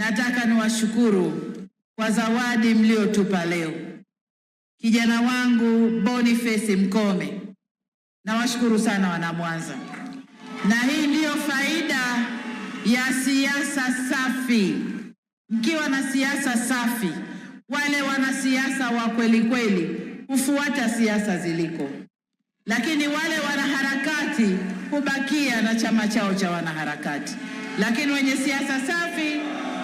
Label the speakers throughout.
Speaker 1: Nataka niwashukuru kwa zawadi mliotupa leo, kijana wangu Boniface Mkome. Nawashukuru sana Wanamwanza, na hii ndiyo faida ya siasa safi. Mkiwa na siasa safi, wale wanasiasa wa kweli kweli hufuata siasa ziliko, lakini wale wanaharakati hubakia na chama chao cha wanaharakati, lakini wenye siasa safi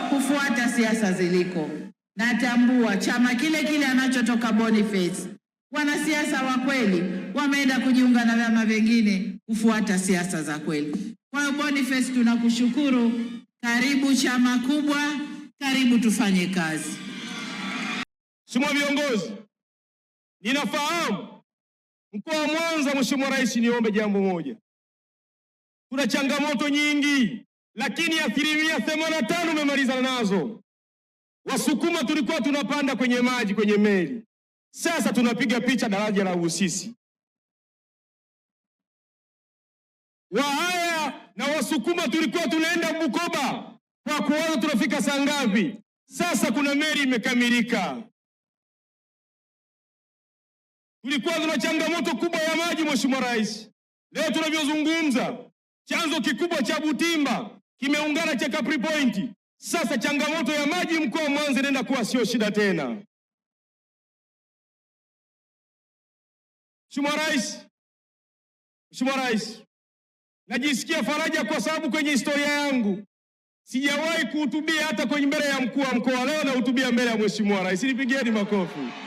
Speaker 1: kufuata siasa ziliko. Natambua chama kile kile anachotoka Boniface. Wanasiasa wa kweli wameenda kujiunga na vyama vingine kufuata siasa za kweli. Kwa hiyo Boniface, tunakushukuru. Karibu chama kubwa, karibu tufanye kazi.
Speaker 2: Mheshimiwa viongozi, ninafahamu mkoa wa Mwanza, Mheshimiwa Rais, niombe jambo moja. Kuna changamoto nyingi lakini asilimia themanini na tano umemalizana nazo. Wasukuma tulikuwa tunapanda kwenye maji kwenye meli, sasa tunapiga picha daraja la Uhusisi. Wahaya na Wasukuma tulikuwa tunaenda Bukoba kwa kuwaza tunafika saa ngapi, sasa kuna meli imekamilika. Tulikuwa tuna changamoto kubwa ya maji, Mheshimiwa Rais, leo tunavyozungumza chanzo kikubwa cha Butimba kimeungana cha Capri Point. Sasa changamoto ya maji mkoa wa Mwanza inaenda kuwa sio shida tena. Mheshimiwa Rais, Mheshimiwa Rais, najisikia faraja kwa sababu kwenye historia yangu sijawahi kuhutubia hata kwenye mbele ya mkuu wa mkoa. Leo nahutubia mbele ya Mheshimiwa Rais, nipigieni makofi.